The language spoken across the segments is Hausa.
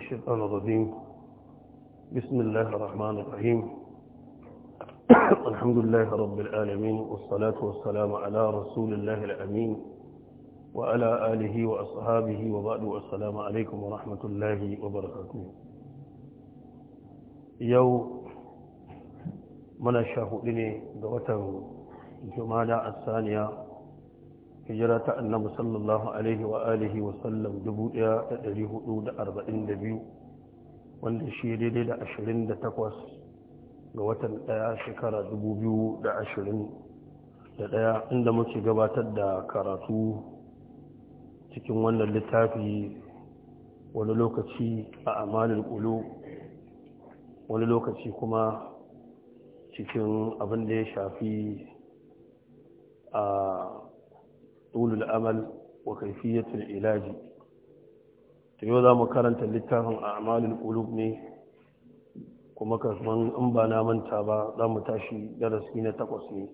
الشيطان الرجيم بسم الله الرحمن الرحيم الحمد لله رب العالمين والصلاة والسلام على رسول الله الأمين وعلى آله وأصحابه وبعد والسلام عليكم ورحمة الله وبركاته يو من الشاهدين دوتا جمالة الثانية hijira ta annabi sallallahu alaihi wa alihi wa sallam 1442 wanda shi daidai da 28 ga watan daya shekara 2021 inda muke gabatar da karatu cikin wannan littafi wani lokaci a amalin ƙulu wani lokaci kuma cikin abin da ya shafi a ah, amal wa طول الأمل وكيفية العلاج تيوزا مكارنة لتاهم أعمال القلوب ne. kuma kafin in ba na manta ba za mu tashi darasi na takwas ne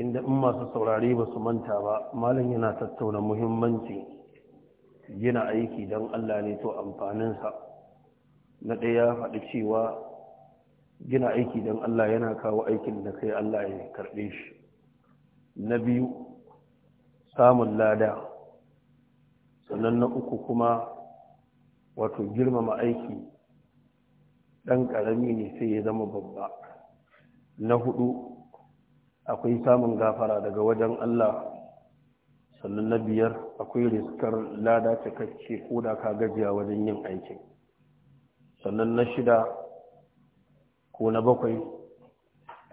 inda in masu saurare ba su manta ba malam yana tattauna muhimmanci gina aiki don allah ne to amfaninsa na ɗaya faɗi cewa gina aiki don allah yana kawo aikin da kai allah ya karɓe shi na biyu samun lada sannan na uku kuma wato girmama aiki ɗan ƙarami ne sai ya zama babba na hudu akwai samun gafara daga wajen Allah sannan na biyar akwai riskar lada cikakke ko da ka gajiya wajen yin aikin sannan na shida ko na bakwai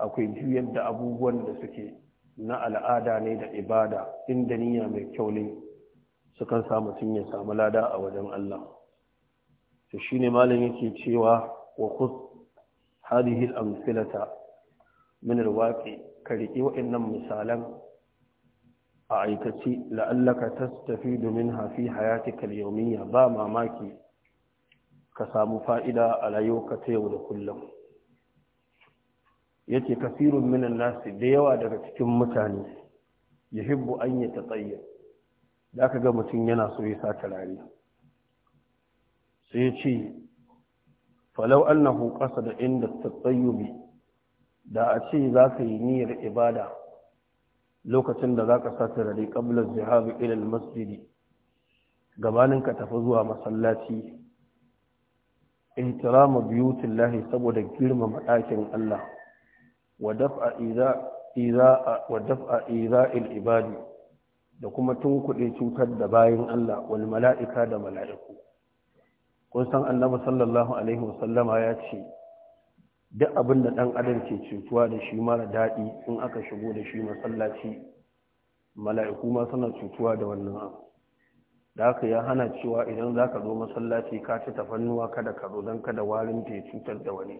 akwai juyar da abubuwan da suke na al'ada ne da ibada inda niyya mai kyau ne sukan samu sun ya samu lada a wajen Allah shi shine malam yake cewa wa ku hadhihi al-amthilata min al ka riki wa'annan misalan a aikace la'allaka tastafidu domin hafi hayatika al-yawmiyya ba mamaki ka samu fa'ida a rayuwarka ta yau da kullum yace kasirun minan nasi da yawa daga cikin mutane hibbu an tsaye. da aka ga mutum yana so ya sa turare sai ya ce falau annahu da inda ta bi. da a ce za ka yi niyyar ibada lokacin da za ka sa turare ƙablar zihabi ilal masjidi gabanin ka tafi zuwa masallaci ihtiramu biyutillahi lahi saboda girmama ɗakin Allah wa daf'a a Iza’il ibadi da kuma tun kuɗi cutar da bayan Allah wal mala'ika da mala'iku kun san annabi sallallahu alaihi wasallama ya ce duk abin da ɗan adam ke cutuwa da shi mara daɗi in aka shigo da shi masallaci mala'iku ma suna cutuwa da wannan abu da haka ya hana cewa idan za ka zo masallaci ka ci tafannuwa kada ka zo don kada warin ta cutar da wani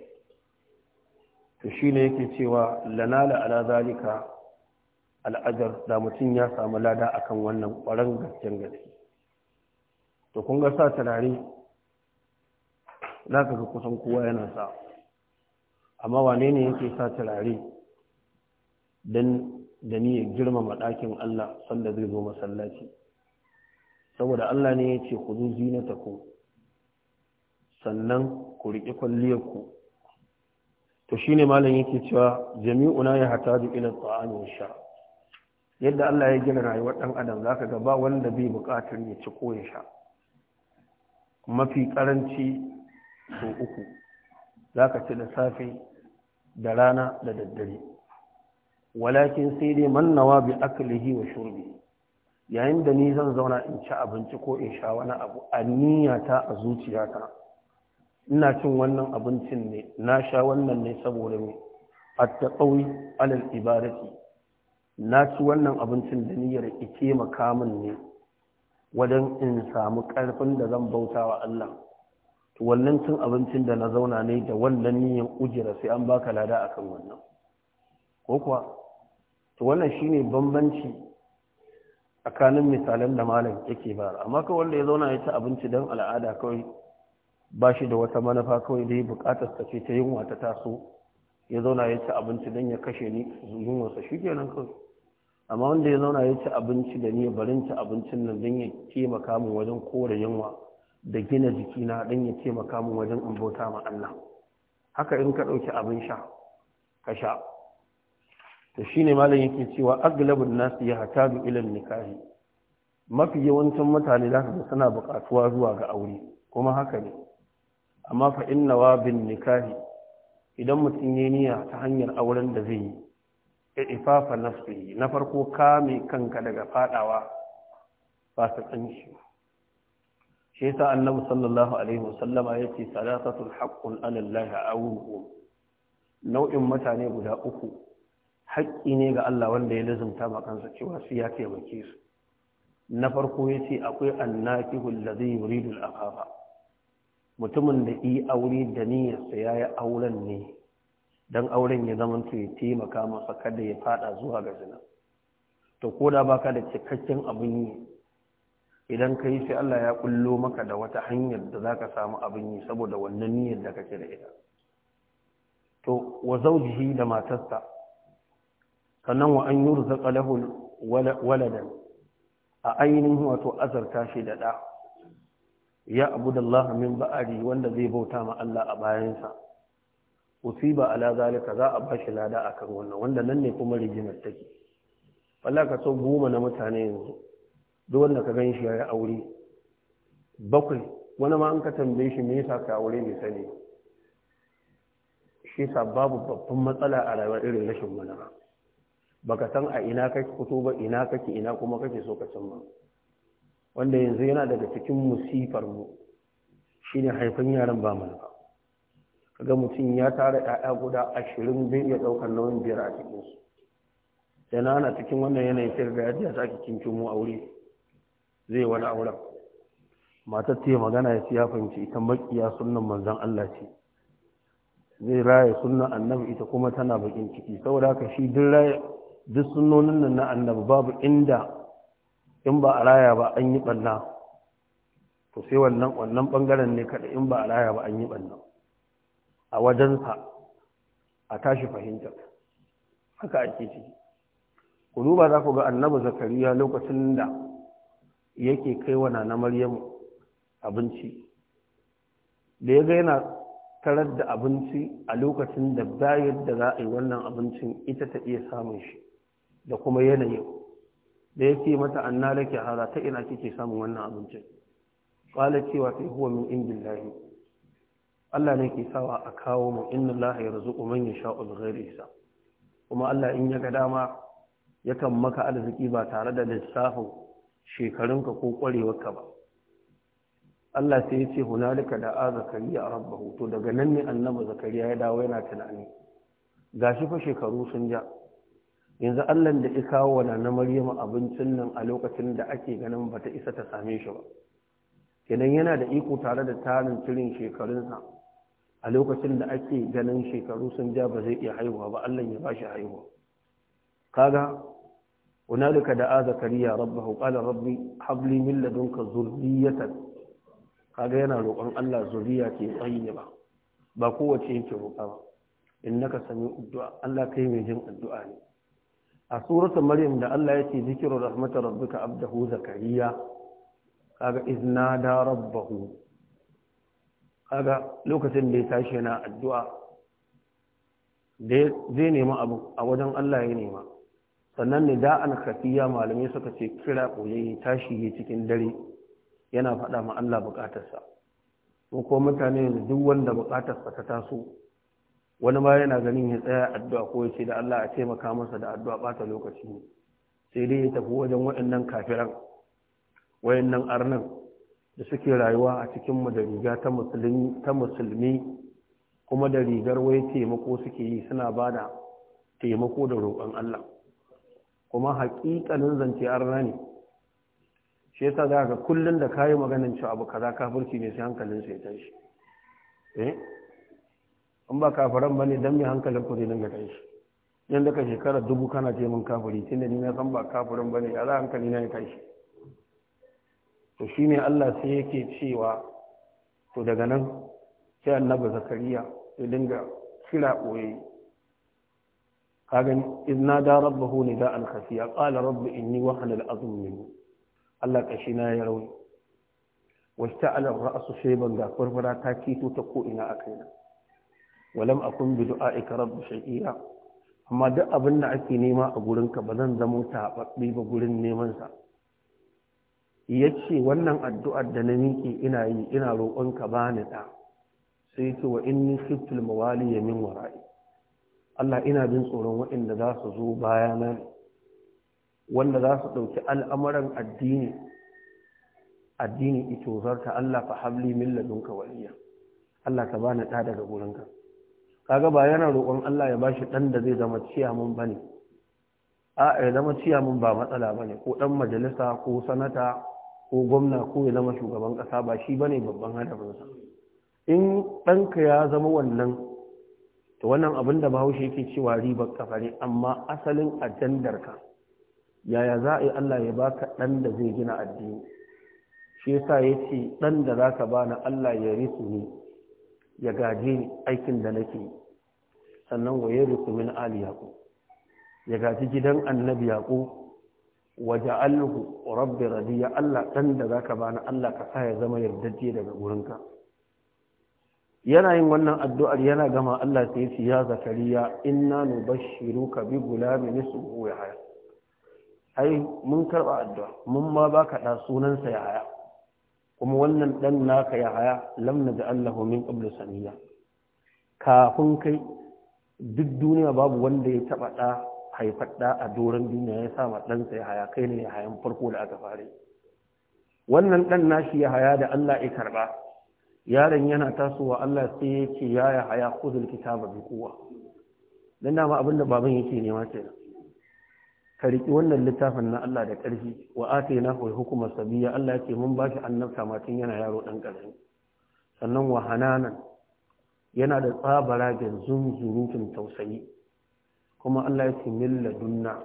to shine yake cewa lanala ala zalika al'ajar da mutum ya samu lada akan wannan ƙwaron gasken gaske to kun ga sa turare za ka ga kusan kowa yana sa amma wane ne yake sa turare don da ya girmama ɗakin Allah sanda zai zo masallaci saboda Allah ne ya ce ku zo na ku sannan ku riƙi kwalliyar ku to shine malam yake cewa jami'una ya hataju ila ta'ami wa sha yadda Allah ya gina rayuwar ɗan adam zaka ga ba wanda bai buƙatar ya ci ko ya sha mafi ƙaranci so uku zaka ci da safe da rana da daddare walakin sai dai mannawa bi aklihi wa shurbi yayin da ni zan zauna in ci abinci ko in sha wani abu a niyyata a zuciyata ina cin wannan abincin ne na sha wannan ne saboda me at-taqawi alal ibadati na ci wannan abincin da niyyar ike makamin ne wajen in samu karfin da zan bauta wa Allah to wannan cin abincin da na zauna ne da wannan niyyar ujira sai an baka lada akan wannan ko kuwa to wannan shine bambanci tsakanin misalan da malam yake bara amma kawai wanda ya zauna ya ci abinci don al'ada kawai ba shi da wata manufa kawai dai bukatar ta ce ta yunwa ta taso ya zauna ya ci abinci don ya kashe ni yunwarsa shi nan kawai amma wanda ya zauna ya ci abinci da ni barin ci abincin nan don ya taimaka min wajen kore yunwa da gina jikina don ya taimaka min wajen in bauta ma Allah haka in ka ɗauki abin sha ka sha to shine malam yake cewa aglabun nasu ya hatadu ilal nikahi mafi yawancin mutane za ka ga suna buƙatuwa zuwa ga aure kuma haka ne amma fa inna wa bin nikahi idan mutum ya niyya ta hanyar auren da zai yi ifafa nafsihi na farko kame kanka daga fadawa fasikanci shi yasa annabi sallallahu alaihi wasallama yace salatatul haqqun ala allah awuhu nau'in mutane guda uku haƙƙi ne ga Allah wanda ya lazumta ma kansa cewa su ya taimake su na farko yace akwai annakihul ladhi yuridu al-afafa mutumin da yi aure da niyyarsa ya yi auren ne don auren ya zama ya taimaka masa kada ya fada zuwa ga zina to ko da baka da cikakken abin yi idan ka yi sai Allah ya kullo maka da wata hanyar da za ka samu abin yi saboda wannan niyyar da kake da ita to wa zaujihi da matarsa sannan wa an yurzaqa lahu waladan a ainihin wato azarta shi da ɗa ya abudallaha min ba'ari wanda zai bauta ma Allah a bayansa usiba ala zalika za a bashi lada akan wannan wanda nan ne kuma rigimar take wallahi ka so goma na mutane yanzu duk wanda ka ganshi shi ya aure bakwai wani ma an ka tambaye shi me yasa ka aure ne sani shi sa babu babban matsala a rayuwar irin rashin Ba baka san a ina kake fito ba ina kake ina kuma kake so ka cimma wanda yanzu yana daga cikin musifar mu shine haifan yaran ba ka ga mutum ya tara 'ya'ya guda ashirin bai iya ɗaukar nauyin biyar a cikinsu yana ana cikin wannan yanayin sai ga yadda ya sake kinkin mu aure zai wani auren matar ta magana ya siya fahimci ita makiya sunnan manzon Allah ce zai raya sunan annabi ita kuma tana bakin ciki saboda haka shi duk raya duk sunnonin nan na annabi babu inda in ba a raya ba an yi ɓanna to sai wannan wannan ɓangaren ne kaɗai in ba a raya ba an yi ɓanna a wajensa a tashi fahimtar haka ake ciki ku duba za ku ga annabi zakariya lokacin da yake kai wa na maryamu abinci da ya ga yana tarar da abinci a lokacin da bayar da za a yi wannan abincin ita ta iya samun shi da kuma yanayin da yake mata anna laki hada ta ina kike samun wannan abincin qala cewa fi huwa min indillahi Allah ne ke sawa a kawo mu inna Allah ya rizuku man yasha'u bi hisab kuma Allah in ya ga dama yakan maka arziki ba tare da lissafin shekarunka ko kwarewarka ba Allah sai ya ce hunalika da a zakariya rabbahu to daga nan ne annabi zakariya ya dawo yana tunani gashi fa shekaru sun ja yanzu allan da isa wa na maryama abincin nan a lokacin da ake ganin ba ta isa ta same shi ba kenan yana da iko tare da tarin cirin shekarunsa a lokacin da ake ganin shekaru sun ja ba zai iya haihuwa ba allah ya bashi haihuwa kaga hunalika da a zakariya rabbahu qala rabbi habli min ladunka zurriyatan kaga yana roƙon allah zuriya ke tsayi ba ba kowace yake roƙa ba innaka sami addu'a allah kai mai jin addu'a ne a suratul maryam da Allah ya ce zikiru rahmatar rabbika abdahu zakariya kaga da rabbahu kaga lokacin da ya tashi na addu'a da zai nema abu a wajen Allah ya nema sannan ne da an kafiya malamai suka ce kira koyayi tashi cikin dare yana faɗa ma Allah bukatarsa ko mutane duk wanda bukatarsa ta taso wani ma yana ganin ya tsaya addu'a ko ya ce da Allah a taimaka masa da addu'a bata lokaci ne sai dai ya tafi wajen waɗannan kafiran wayannan arnan da suke rayuwa a cikin mu da riga ta musulmi ta musulmi kuma da rigar wai taimako suke yi suna bada taimako da roƙon Allah kuma haƙiƙanin zance arna ne shi yasa za kullun da kayi maganin cewa abu kaza kafirci ne sai hankalin sai tashi eh in ba kafiran ba ne don mai hankalin ku zai dinga shi yadda daga shekara dubu kana ce min kafiri tun da ni na san ba kafirin ba ne ya za hankali na ya shi to shi ne Allah sai yake cewa to daga nan sai annabi zakariya ya dinga kira ɓoye kagan izna da rabbahu ne da alkhafiya qala rabbi in yi wahalar azumin Allah kashi na ya rauni wasta'ala ra'asu ban da farfara ta kito ta ko ina a kaina walam akun bi du'a'ika rabbi shaqiya amma duk abin da ake nema a gurinka ba zan zama taɓaɓɓe ba gurin neman sa yace wannan addu'ar da na miƙe ina yi ina roƙonka ba ni da sai ce wa inni khiftul mawali min wara'i Allah ina bin tsoron waɗanda za su zo bayana wanda za su ɗauki al'amuran addini addini ito Allah fa habli min ladunka waliya Allah ka bani ɗa daga gurinka kaga ba yana roƙon Allah ya bashi dan da zai zama mun bane a ya zama mun ba matsala bane ko dan majalisa ko sanata ko gwamna ko ya zama shugaban kasa ba shi bane babban hadafinsa in ɗanka ya zama wannan to wannan abin da bahaushe yake cewa ribar kafari amma asalin ajandar ka yaya za a yi Allah ya baka dan da zai gina addini shi yasa ya ce ɗan da zaka ka bani Allah ya risu ne ya gaje aikin da nake sannan wa yarisu min ali yaqub ya gaji gidan annabi yaqub Waje ja'alhu rabbi radiya Allah dan da zaka bani Allah ka sa ya zama yardajje daga gurinka yana yin wannan addu'ar yana gama Allah sai yace ya zakariya inna ka bi gulami ismuhu yahya ai mun karɓa addu'a mun ma baka da sunan sa yahya kuma wannan ɗan naka ya haya da naj'al lahu min qablu kafin kai duk duniya babu wanda ya taba da haifar da a doron duniya ya sama ɗansa ya haya kai ne ya hayan farko da aka fare wannan ɗan nashi ya haya da Allah ya karɓa yaron yana tasowa Allah sai ya ce ya ya haya kuzul kitaba bi kowa dan dama abin da baban yake nema kenan ka riƙi wannan littafin na Allah da ƙarfi wa na hu hukumar sabiya Allah ya ce mun bashi annabta matin yana yaro ɗan ƙarfi sannan wa hananan yana da tsabara da zunzurutun tausayi kuma Allah ya ce milla dunna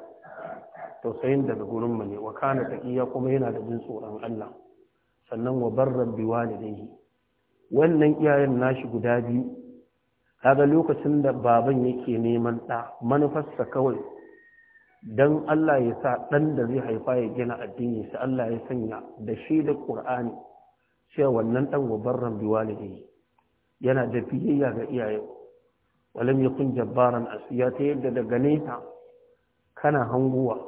tausayin daga gurin mu ne wa kana iya kuma yana da jin tsoron Allah sannan wa barran bi walidayhi wannan iyayen nashi guda biyu kaga lokacin da baban yake neman ɗa manufarsa kawai dan Allah ya sa dan da zai haifa ya gina addini sai Allah ya sanya da shi da Qur'ani cewa wannan dan gobarran biwalidihi yana da biyayya ga iyaye walam yakun jabbaran asiya ta yadda daga nesa kana hanguwa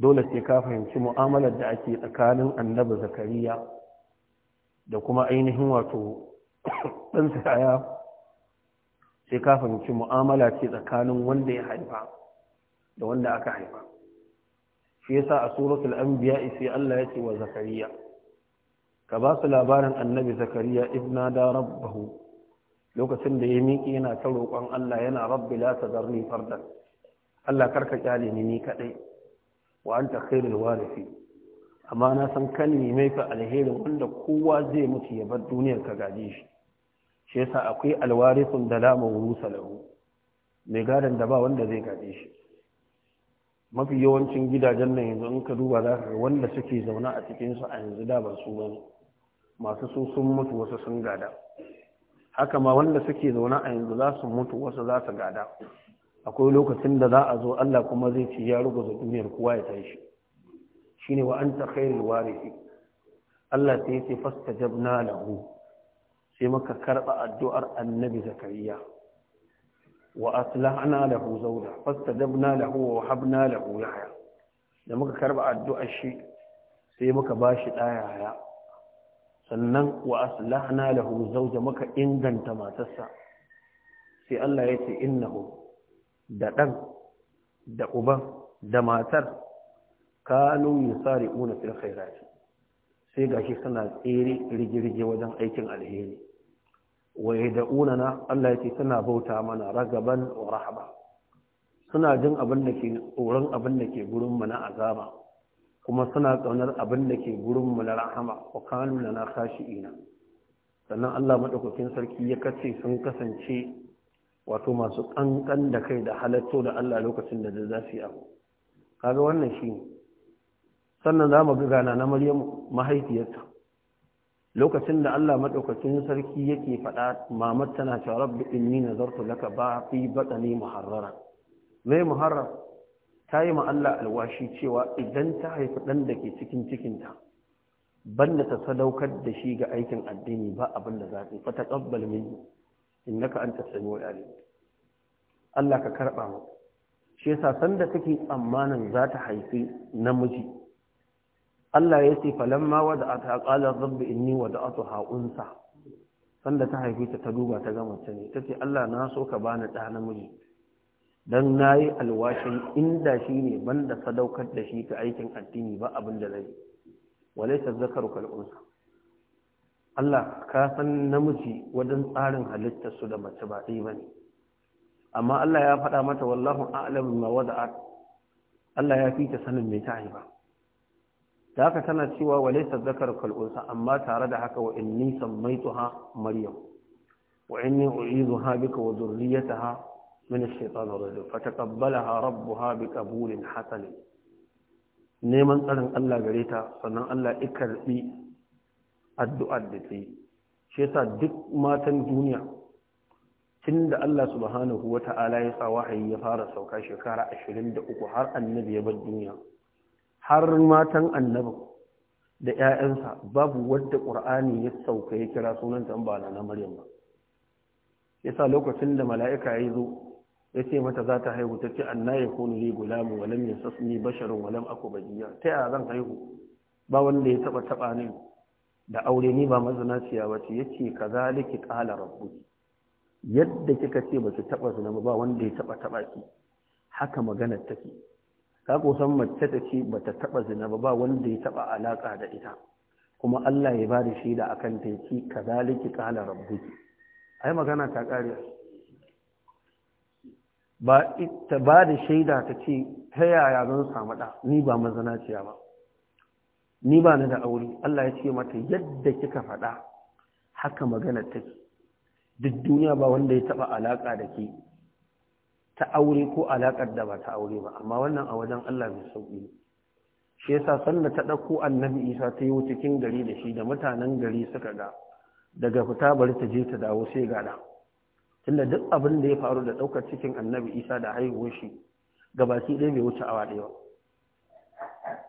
dole sai ka fahimci mu'amalar da ake tsakanin annabi zakariya da kuma ainihin wato ɗansa kaya sai ka fahimci mu'amala ce tsakanin wanda ya haifa da wanda aka haifa shi yasa a suratul anbiya sai Allah ya ce wa zakariya ka ba su labarin annabi zakariya ibna da rabbahu lokacin da ya miƙi yana ta roƙon Allah yana rabbi la tazarni farda. Allah karka kyale ni ni kadai wa anta khairul warisi amma na san kan ni mai fa alheri wanda kowa zai mutu ya bar duniyar ka gaje shi shi yasa akwai alwarisun da la mawrusa lahu mai gadan da ba wanda zai gaje shi mafi yawancin gidajen nan yanzu in ka duba za ka wanda suke zauna a cikinsu a yanzu da ba su ba masu su sun mutu wasu sun gada haka ma wanda suke zauna a yanzu za su mutu wasu za su gada akwai lokacin da za a zo Allah kuma zai ci ya ruguza duniyar kowa ya tashi shine wa anta khairul warithi Allah sai ya ce fastajabna lahu sai maka karba addu'ar annabi zakariya وأصلحنا له زوجه فاستجبنا له ووهبنا له يحيى da muka karba addu'ar shi sai muka bashi ɗayaya sannan wa aslahna lahu zawja muka inganta matarsa sai Allah ya ce innahu da ɗan da uban da matar kanu yusari'una fil khairat sai gashi suna tsere rigirge wajen aikin alheri wa unana Allah yace tana bauta mana ragaban wa rahaba suna jin abin da ke tsoron abin da ke gurin mu na azaba kuma suna kaunar abin da ke gurin mu na rahama wa kanu lana khashi'ina sannan Allah madaukakin sarki ya kace sun kasance wato masu kankan da kai da halatto da Allah lokacin da za su yi abu kaga wannan shine sannan zamu mu ga gana na Maryamu mahaifiyarta lokacin da Allah maɗaukacin sarki yake faɗa mamat tana cewa rabbi inni nazartu laka ba fi batsani muharrara mai muharrar ta yi ma Allah alwashi cewa idan ta haifi ɗan da ke cikin cikinta banda ta sadaukar da shi ga aikin addini ba abin da za ta yi fa in minni innaka anta samiul alim Allah ka karɓa mu shi yasa sanda take tsammanin za ta haifi namiji Allah ya ce falamma wadda a taƙalar rabbi inni wada a su ha'unsa sanda ta haifi ta ta duba ta gama ta ne ta ce Allah na so ka bani ɗa namiji don na yi alwashin inda shi ne banda sadaukar da shi ta aikin addini ba abin da zai wale ta zakaru kal'unsa Allah ka san namiji wajen tsarin halittarsu da mace ba ɗaya ba ne amma Allah ya faɗa mata wallahu a'lam ma wadda Allah ya fi ta sanin mai ta haifa da haka tana cewa wa laysa dhakar amma tare da haka nisan inni ha maryam wa inni ha bika wa dhurriyyataha min ash-shaytan ar-rajim fataqabbalaha rabbuha biqabulin hasan neman tsarin Allah gare ta sannan Allah ya karbi addu'ar da ta yi shi yasa duk matan duniya tun da Allah subhanahu wa ta'ala ya sa wahayi ya fara sauka shekara 23 har annabi ya bar duniya har matan annabin da 'ya'yansa babu wadda ƙur'ani ya sauka ya kira sunanta ba na maryam ba yasa lokacin da mala'ika ya zo ya ce mata za ta haihu ta ce anna ya kunu li gulamu wa lam yasasni basharun wa lam aku bajiya ta yaya zan haihu ba wanda ya taba taba ne, da aure ni ba mazinaciya ba ce yace kazaliki qala rabbuki yadda kika ce ba ki taba zina ba wanda ya taba taba ki haka magana take ka kusan mace ta ce ba ta taɓa zina ba ba wanda ya taba alaka da ita kuma Allah ya bada da shaida a kan ta yake kazaliki ƙala rabbuki ai magana ta kare ba ita ba da shaida ta ce ta yaya zan samu ɗa ni ba mazanaciya ba ni ba na da aure Allah ya ce mata yadda kika faɗa haka magana take duk duniya ba wanda ya taba alaka da ke ta aure ko alaƙar da ba ta aure ba amma wannan a wajen Allah mai sauƙi shi yasa sanda ta ɗauko annabi isa ta yi cikin gari da shi da mutanen gari suka ga daga fita bari ta je ta dawo sai gada tunda duk abin da ya faru da ɗaukar cikin annabi isa da haihuwar shi gabaki ɗaya bai wuce awa ɗaya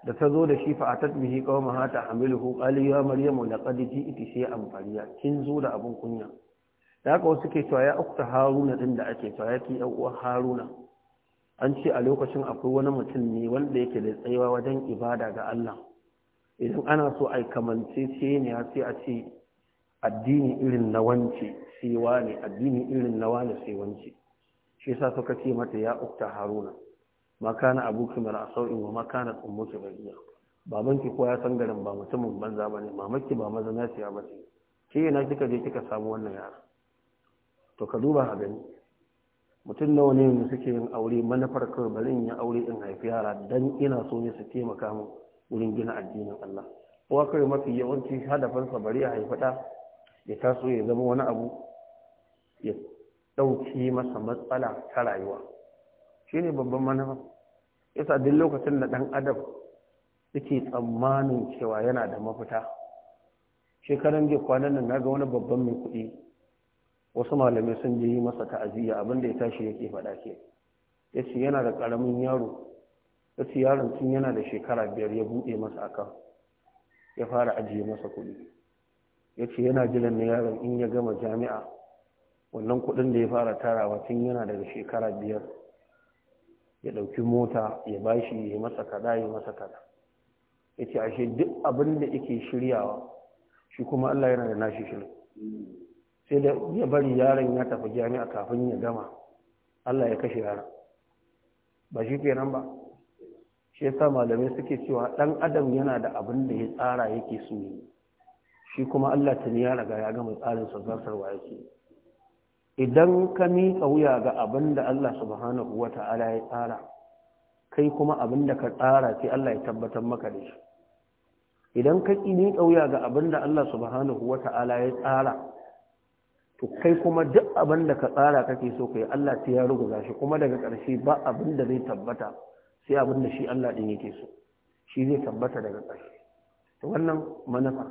da ta zo da shi fa a tatbihi qawma hata hamiluhu qali ya maryamu laqad ji'ti shay'an fariya kin zo da abin kunya da haka wasu ke cewa ya ukta haruna din da ake cewa ya fi uwa haruna an ce a lokacin akwai wani mutum ne wanda yake da tsayawa wajen ibada ga Allah idan ana so a kamance ce ne sai a ce addini irin na wance sai wane addini irin na wane sai wance shi sa suka ce mata ya ukta haruna makana kana abuki a sau'in wa makana kana ummuki bariya babanki ko ya san garin ba mutumin banza ne, mamaki ba ba bace ke na kika je kika samu wannan yara to ka duba a gani mutum nawa ne mu suke yin aure manufar kawai bari in yi aure in haifi yara dan ina so ne su taimaka mu wurin gina addinin Allah kowa kawai mafi yawanci hadafinsa bari ya haifi ɗa ya taso ya zama wani abu ya dauki masa matsala ta rayuwa shi babban manufa yasa duk lokacin da dan adam yake tsammanin cewa yana da mafita shekaran jiya kwanan nan na ga wani babban mai kuɗi wasu malamai sun je yi masa ta'aziyya abin da ya tashi yake faɗa ke ya ce yana da ƙaramin yaro ya ce yaron tun yana da shekara biyar ya buɗe masa akan ya fara ajiye masa kuɗi ya ce yana jiran na yaron in ya gama jami'a wannan kuɗin da ya fara tarawa tun yana daga shekara biyar ya ɗauki mota ya bashi ya masa kaɗa ya masa kaɗa ya ce ashe duk abin da yake shiryawa shi kuma Allah yana da nashi shirin sai da ya bari yaron ya tafi jami'a kafin ya gama Allah ya kashe yaron ba shi kenan ba shi yasa malamai suke cewa ɗan adam yana da abin da ya tsara yake so shi kuma Allah tuni ya riga ya gama tsarin sa zartarwa yake idan ka mika wuya ga abin da Allah subhanahu wata'ala ya tsara kai kuma abin da ka tsara sai Allah ya tabbatar maka da shi idan ka ƙi wuya ga abin da Allah subhanahu wata'ala ya tsara to kai kuma duk abin da ka tsara kake so kai Allah sai ya ruguza shi kuma daga ƙarshe ba abin da zai tabbata sai abin da shi Allah din yake so shi zai tabbata daga ƙarshe to wannan manufa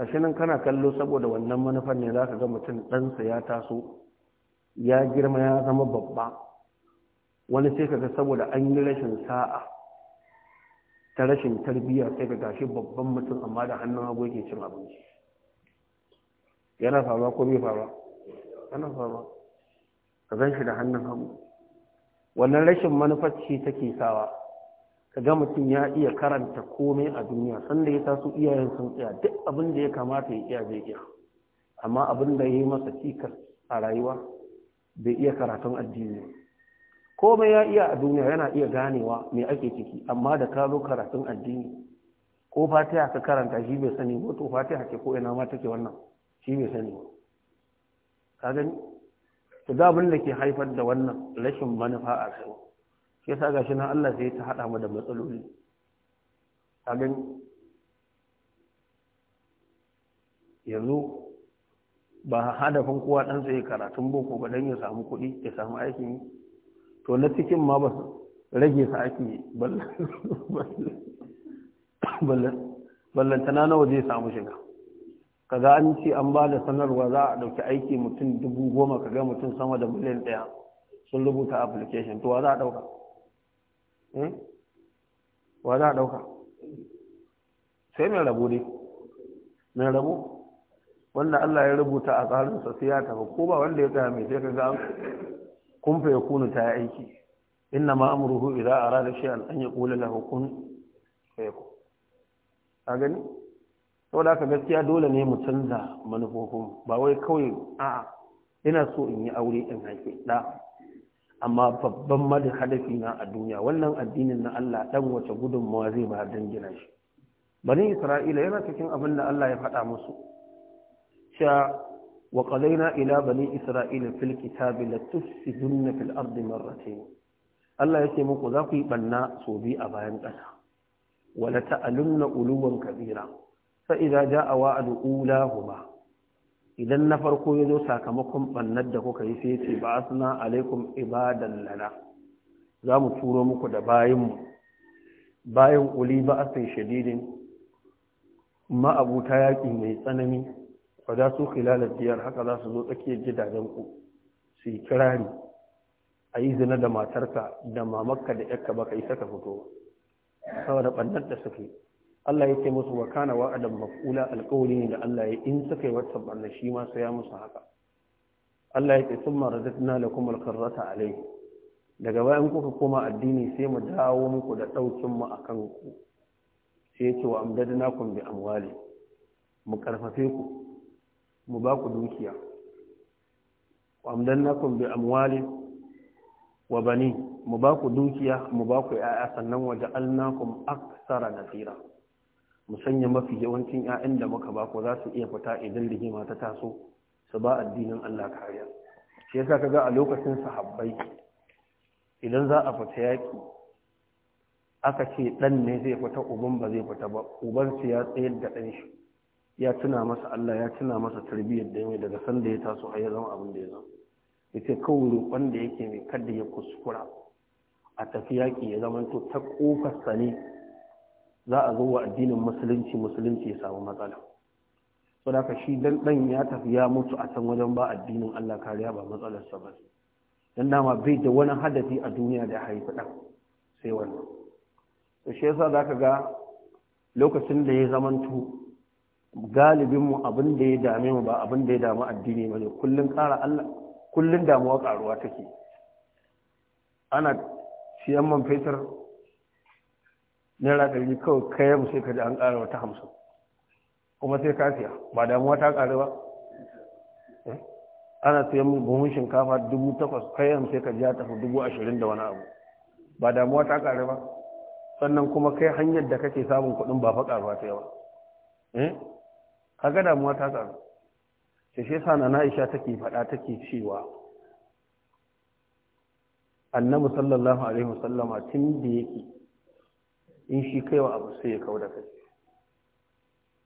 ashe nan kana kallo saboda wannan manufar ne zaka ga mutum ɗansa ya taso ya girma ya zama babba wani sai ga saboda an yi rashin sa'a ta rashin tarbiyya sai ka gashi babban mutum amma da hannun hagu yake cin abinci yana fama ko bai fama yana fama ka gan shi da hannun hannu. wannan rashin manufarci take sawa ka ga mutum ya iya karanta komai a duniya sanda ya taso iyayen sun tsaya duk abin da ya kamata ya iya zai iya amma abin da ya yi masa cikas a rayuwa bai iya karatun addini komai ya iya a duniya yana iya ganewa me ake ciki amma da ka zo karatun addini ko fatiha ka karanta shi bai sani ko to fatiha ce ko ina ma take wannan shi ne sani ka gani to da abin da ke haifar da wannan rashin manufa a kai shi yasa shi na Allah sai ta haɗa mu da matsaloli ka gani yanzu ba hadafin kowa ɗan tsaye karatun boko ba dan ya samu kuɗi ya samu aikin yi? to na cikin ma ba rage sa ake ballan ballan ballan tana nawa zai samu shiga kaga an ce an ba da sanarwa za a ɗauki aiki mutum dubu goma kaga mutum sama da miliyan ɗaya sun rubuta application to wa za a ɗauka hmm? wa za a ɗauka sai mai rabo ne, mai rabo wanda Allah ya rubuta a sa sai ya tafi ko ba wanda ya tsaya mai sai kaga an kumfa ya kuna ta aiki inna ma amruhu idza arada shay'an an yaqula lahu kun fayakun a gani da haka gaskiya dole ne mu canza manufofin ba wai kawai a'a ina so in yi aure in haife da amma babban madin hadafi na a duniya wannan addinin na Allah dan wace gudunmawa zai ba dan gina shi bani isra'ila yana cikin abin da Allah ya faɗa musu sha wa qadaina ila bani isra'ila fil kitabi la tufsiduna fil ardi marratayn Allah yake muku za ku yi banna so bi a bayan kasa. wala ta'alunna uluwan kabira Sa'iza ja a wa'adu ulahuma idan na farko ya zo sakamakon ɓannar da kuka yi sai ce ba suna alaikum ibadan lana za mu turo muku da bayanmu bayan uli ba a asin shadidin ma'abuta yaƙi mai tsanani ba za su kilalar biyar haka za su zo tsakiyar gidajen ku su yi kirari a yi zina da matarka da mamakka da yakka baka yi saka fito saboda ɓannar da suke Allah ya ce musu wa kana wa'adan maf'ula alƙawli ne da Allah ya in suka yi wata barna shi ma sai ya musu haka Allah ya ce summa razaqna da kuma qurrata alai. daga bayan kuka koma addini sai mu dawo muku da ɗaukin mu akan ku sai ya ce wa amdadnakum bi amwali mu karfafe ku mu ba ku dukiya wa amdadnakum bi amwali wa bani mu ba ku dukiya mu ba ku 'ya'ya sannan waje alnakum aksara nasira musanya mafi yawancin 'ya'yan da muka ba ko za su iya fita idan rigima ta taso su ba addinin Allah kariya shi yasa kaga a lokacin sahabbai idan za a fita yaki aka ce dan ne zai fita uban ba zai fita ba uban su ya tsayar da dan shi ya tuna masa Allah ya tuna masa tarbiyyar da yayi daga sanda ya taso har ya zama abin da ya zama yace kawai roƙon da yake mai kada ya kuskura a tafi yaki ya zama to ta kofar sane za a zo wa addinin musulunci musulunci ya samu matsala so da shi dan dan ya tafi ya mutu a can wajen ba addinin Allah kariya ba matsalar sa ba dan dama bai da wani hadafi a duniya da haifi dan sai wannan to shi yasa zaka ga lokacin da ya zamanto galibin mu abin da ya dame mu ba abin da ya damu addini bane kullun kara Allah kullun damuwa karuwa take ana siyan man fetur naira ɗari kawai kai mu sai ka ji an ƙara wata hamsin kuma sai ka siya ba damuwa ta ƙare ba eh? ana siyan buhun shinkafa dubu takwas mu sai ka ji ya tafi dubu ashirin da wani abu ba damuwa ta ƙare ba sannan kuma kai hanyar da kake samun kuɗin ba fa ƙaruwa ta yawa eh? ka ga damuwa ta ƙaru shi shi sa na na'isha take faɗa take cewa annabi sallallahu alaihi wasallama tun da yake in shi kaiwa abu sai ya kau da kai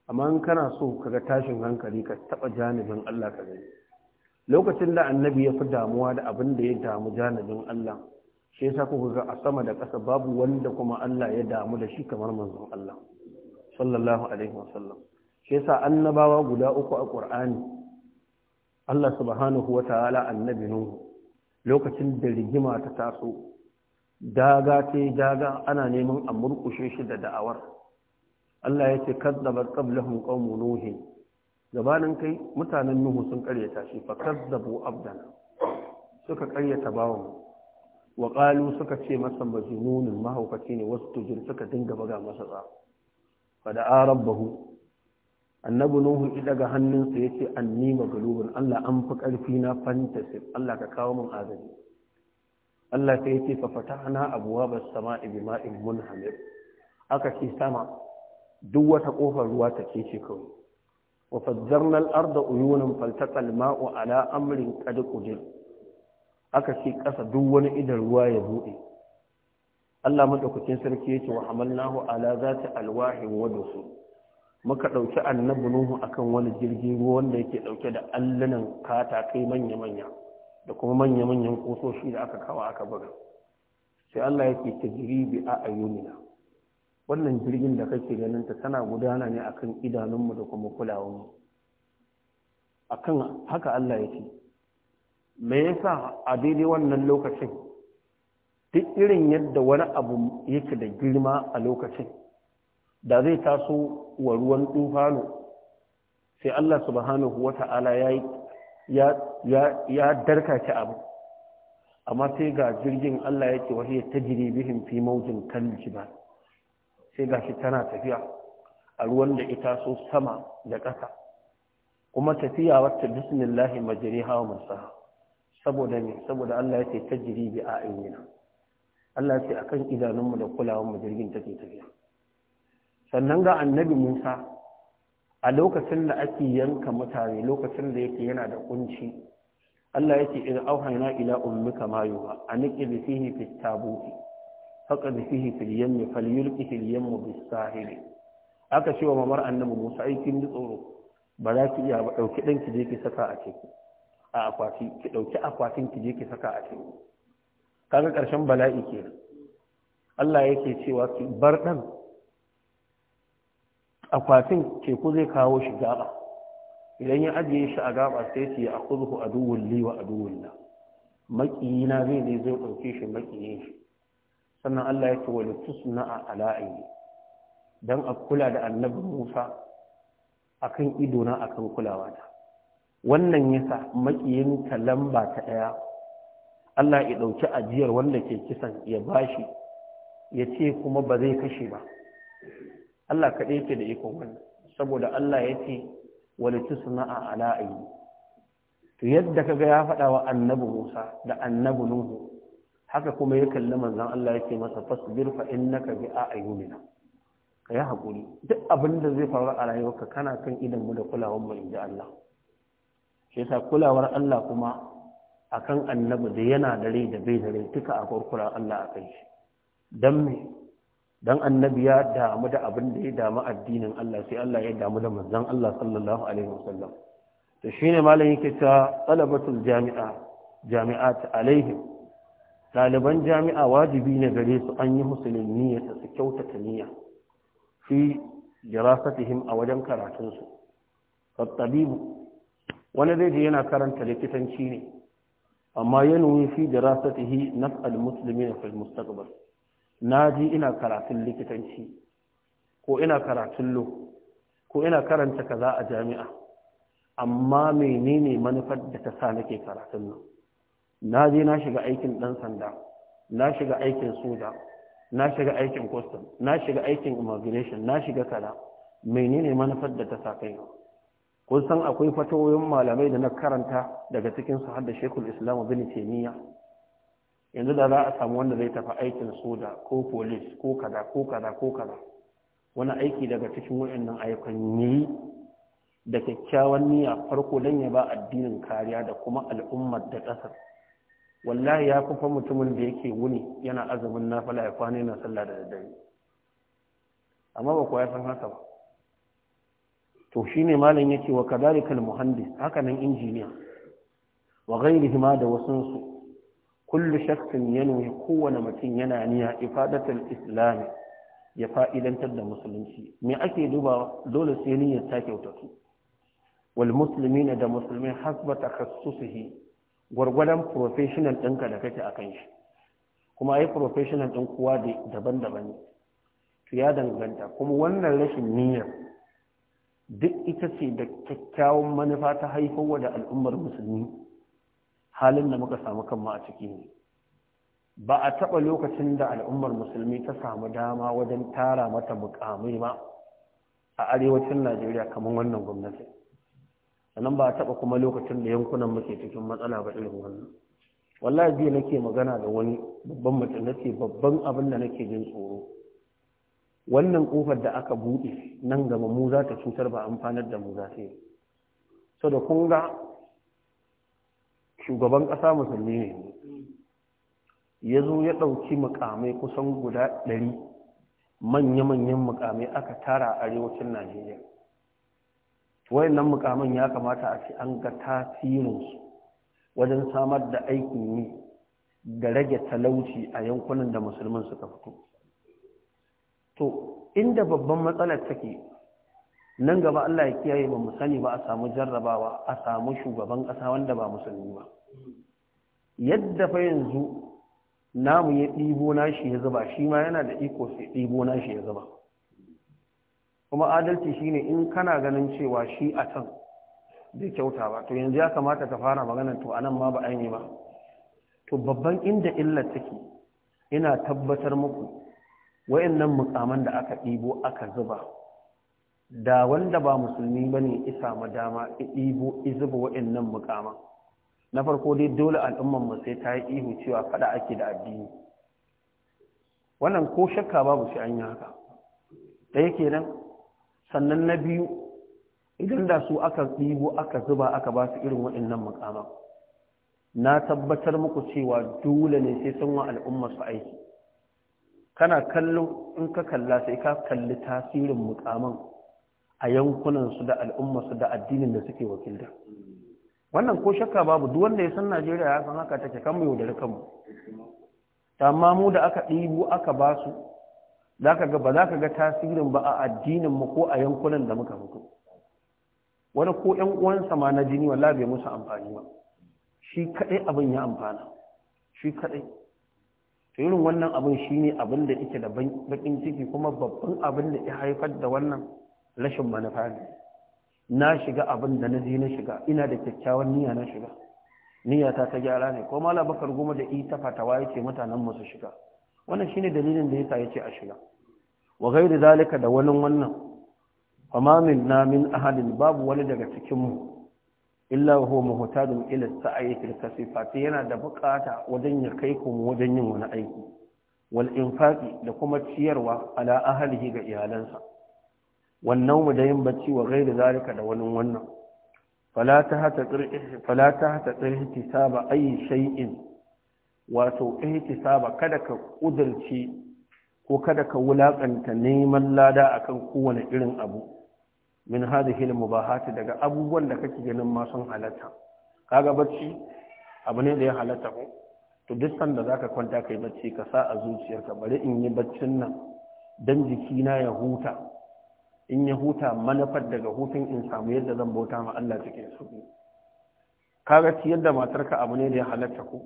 amma in kana so kaga tashin hankali ka taba janibin Allah ka gani lokacin da annabi ya fi damuwa da abin da ya damu janibin Allah shi yasa kuka ga a sama da ƙasa babu wanda kuma Allah ya damu da shi kamar manzon Allah sallallahu alaihi wasallam shi yasa annabawa guda uku a Qur'ani Allah subhanahu wataala annabi Nuhu lokacin da rigima ta taso daga ce daga ana neman a murkushe shi da da'awar Allah ya ce kazzabar qablahum qaumu nuhin gabanin kai mutanen nuhu sun karyata shi fa kazzabu abdana suka karyata bawan wa qalu suka ce masa majnunun mahaukaci ne wasu tujir suka dinga baga masa tsa fa da rabbahu annabi nuhu ya daga hannunsa yace anni maglubun Allah an fi karfi na fantasib Allah ka kawo min azabi Allah sai ya ce fa fatahna abwabas sama'i bima'in munhamir aka ce sama duk wata ƙofar ruwa ta ce ce kawai wa fazzarna al-arda uyunan faltaqal ma'u ala amrin qad qudir aka ce ƙasa duk wani idan ruwa ya bude Allah madaukakin sarki yace wa hamalnahu ala zati alwahin wa dusur muka ɗauki annabi Nuhu akan wani jirgin ruwa wanda yake ɗauke da allanan katakai manya-manya da kuma manya-manyan kusoshi da aka kawo aka buga sai Allah yake tajribi a ayyunina wannan jirgin da kake ganin ta tana gudana ne akan idanunmu da kuma mu akan haka Allah yake me yasa a daidai wannan lokacin duk irin yadda wani abu yake da girma a lokacin da zai taso wa ruwan tufano sai Allah subhanahu wata'ala ya yi ya darka ci abu amma sai ga jirgin Allah yake wahiyar ta jiri bihin fi maujin kalji ba sai ga shi tana tafiya a ruwan da ita so sama da ƙasa kuma tafiya wata bismillahi majiri hawa masu saboda ne saboda Allah yake ta jiri bi a ayyana Allah ce akan idanunmu da kulawanmu jirgin take tafiya sannan ga annabi Musa a lokacin da ake yanka mutane lokacin da yake yana da kunci Allah yake idan auhayna ila ummika ma yuha an iqdi fihi fi tabuti faqad fihi fil yamm falyulqi fil yamm bis sahili aka ce wa mamar annabi Musa ai kin tsoro ba za ki iya ba dauki dan ki je ki saka a ciki a akwati ki dauki akwatin ki je ki saka a ciki kaga karshen bala'i kenan Allah yake cewa ki bar dan akwatin teku zai kawo shi gaba idan ya ajiye shi a gaba sai su yi a kuzuhu a duwun liwa a duwun na maƙiyina zai ne zai ɗauke shi maƙiyin shi sannan allah ya ce wani tusna a ala'ayi don a kula da annabin musa akan idona akan kulawa ta wannan yasa maƙiyin ta lamba ta ɗaya allah ya ɗauki ajiyar wanda ke kisan ya bashi ya ce kuma ba zai kashe ba Allah kaɗai yake da ikon wannan saboda Allah ya ce wani tusma'a ala ayi to yadda ga ya faɗa wa annabi Musa da annabi Nuhu haka kuma ya kalli manzon Allah yake masa fasbir fa innaka bi a'yunina ka yi duk abin da zai faru a rayuwarka kana kan idan mu da kulawar mu inji Allah shi yasa kulawar Allah kuma akan annabi da yana da rai da bai da rai duka a kurkura Allah a kai shi dan me dan annabi ya damu da abin da ya damu addinin Allah sai Allah ya damu da manzon Allah sallallahu alaihi wasallam to shine malam yake ta talabatul jami'a jami'at alaihim ɗaliban jami'a wajibi ne gare su an yi musulun su kyautata niyya fi jirasatihim a wajen karatunsu tattabibu wani zai je yana karanta likitanci ne amma ya nuyi fi jirasatihi naf'al musulmi na fil mustaqbal na ji ina karatun likitanci ko ina karatun lo ko ina karanta kaza a jami'a amma menene manufar da ta sa nake karatun nan na je na shiga aikin ɗan sanda na shiga aikin soja na shiga aikin custom na shiga aikin immigration na shiga kaza menene manufar da ta sa kai kun san akwai fatawoyin malamai da na karanta daga cikin su har da Sheikhul Islam Ibn Taymiyyah yanzu da za a samu wanda zai tafi aikin soja ko polis ko kaza ko kaza ko kaza wani aiki daga cikin waɗannan ayyukan yi da kyakkyawan niyya farko don ya ba addinin kariya da kuma al'ummar da ƙasar wallahi ya kufa mutumin da yake wuni yana azumin nafila ya kwana yana sallah da daddare amma ba kuwa ya san haka ba to shine malam yake wa kadhalika muhandis haka nan injiniya wa ghairihi ma da wasansu kullu shakkin ya nuhi kowane mutum yana niyya ifadatul islam ya fa'idantar da musulunci me ake duba dole sai niyyar ta kyautatu wal muslimina da musulmin hasba takhassusihi gwargwadon professional ɗinka da kake kan shi kuma ai professional ɗin kowa daban-daban ne to ya danganta kuma wannan rashin niyyar duk ita ce da kyakkyawan manufa ta haifarwa da al'ummar musulmi halin da muka samu kanmu a ciki ne ba a taɓa lokacin da al'ummar musulmi ta samu dama wajen tara mata mukamai ba a arewacin najeriya kamar wannan gwamnati sannan ba a taɓa kuma lokacin da yankunan muke cikin matsala ba irin wannan wallahi jiya nake magana da wani babban mutum nake babban abin da nake jin tsoro wannan kofar da aka buɗe nan gaba mu za ta cutar ba amfanar da mu za ta yi so da kun ga shugaban ƙasa musulmi ne ya zo ya ɗauki mukamai kusan guda ɗari manya-manyan mukamai aka tara a arewacin najeriya wayannan mukamai ya kamata a ce an ga tasirinsu wajen samar da aikin yi da rage talauci a yankunan da musulman suka fito to inda babban matsalar take nan gaba allah ya kiyaye ba mu sani ba a samu jarrabawa a samu shugaban ƙasa wanda ba musulmi ba yadda fa yanzu namu ya ɗibo nashi ya zuba shi ma yana da iko sai ɗibo nashi ya zuba kuma adalci shine in kana ganin cewa shi a can zai kyauta ba to yanzu ya kamata ta fara maganar to anan ma ba an ba to babban inda illar take ina tabbatar muku wayannan mukaman da aka ɗibo aka zuba da wanda ba musulmi bane isa madama ɗibo zuba wayannan mukaman na farko dai dole al'ummar mu sai ta yi ihu cewa fada ake da addini wannan ko shakka babu shi an yi haka ɗaya kenan sannan na biyu idan da su aka ɗibo aka zuba aka ba su irin waɗannan makama na tabbatar muku cewa dole ne sai sun wa al'ummar su aiki kana kallo in ka kalla sai ka kalli tasirin mukaman a yankunansu da al'ummarsu da addinin da suke wakilta. wannan ko shakka babu duk wanda ya san Najeriya ya san haka take kan mu yaudare kanmu amma mu da aka ɗibo aka ba su ka ga ba za ka ga tasirin ba a addinin mu ko a yankunan da muka fito wani ko ƴan uwansa ma na jini wallahi bai musu amfani ba shi kaɗai abin ya amfana shi kaɗai to irin wannan abin shine abin da yake da bakin ciki kuma babban abin da ya haifar da wannan rashin manufa ne na shiga abin da na je na shiga ina da kyakkyawan niyya na shiga niyya ta ta gyara ne ko mala bakar goma da ita fatawa ce mutanen mu shiga wannan shine dalilin da yasa yace a shiga wa ghairi zalika da wani wannan fama minna min ahadin babu wani daga cikin mu illa huwa muhtajun ila fil kasifati yana da bukata wajen ya kai ku wajen yin wani aiki wal infaqi da kuma ciyarwa ala ahlihi ga iyalansa wannan mu da yin bacci wa gaida zalika da wani wannan fala ta hata tsirhiti saba ayi shay'in wato ihtisaba kada ka kudirce ko kada ka wulakanta neman lada akan kowane irin abu min hadhihi al-mubahat daga abubuwan da kake ganin ma sun halatta kaga bacci abu ne da ya halarta ko to duk sanda zaka kwanta ka kai bacci ka sa a zuciyarka bari in yi baccin nan dan jikina ya huta in ya huta manufar daga hutun in samu yadda zan bauta ma Allah cikin su kaga ci yadda matarka abu ne da ya halatta ku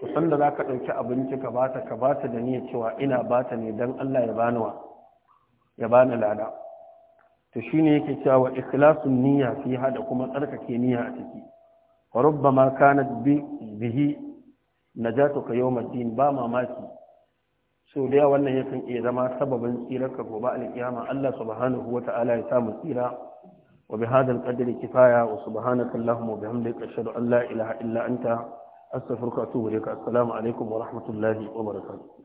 to sanda ka ɗauki abinci ka bata ka bata da niyyar cewa ina bata ne dan Allah ya bani wa ya bani lada to shine yake cewa wa ikhlasun niyya fi hada kuma tsarkake niyya a ciki wa rubbama kanat bihi najatuka yawm din ba mamaki so da wannan yakan iya zama sababin tsirar ka gobe alƙiyama Allah subhanahu wa ta'ala ya samu tsira wa bi hadal qadri kifaya wa subhanaka allahumma wa bihamdika ashhadu an la ilaha illa anta astaghfiruka wa atubu assalamu alaikum wa rahmatullahi wa barakatuh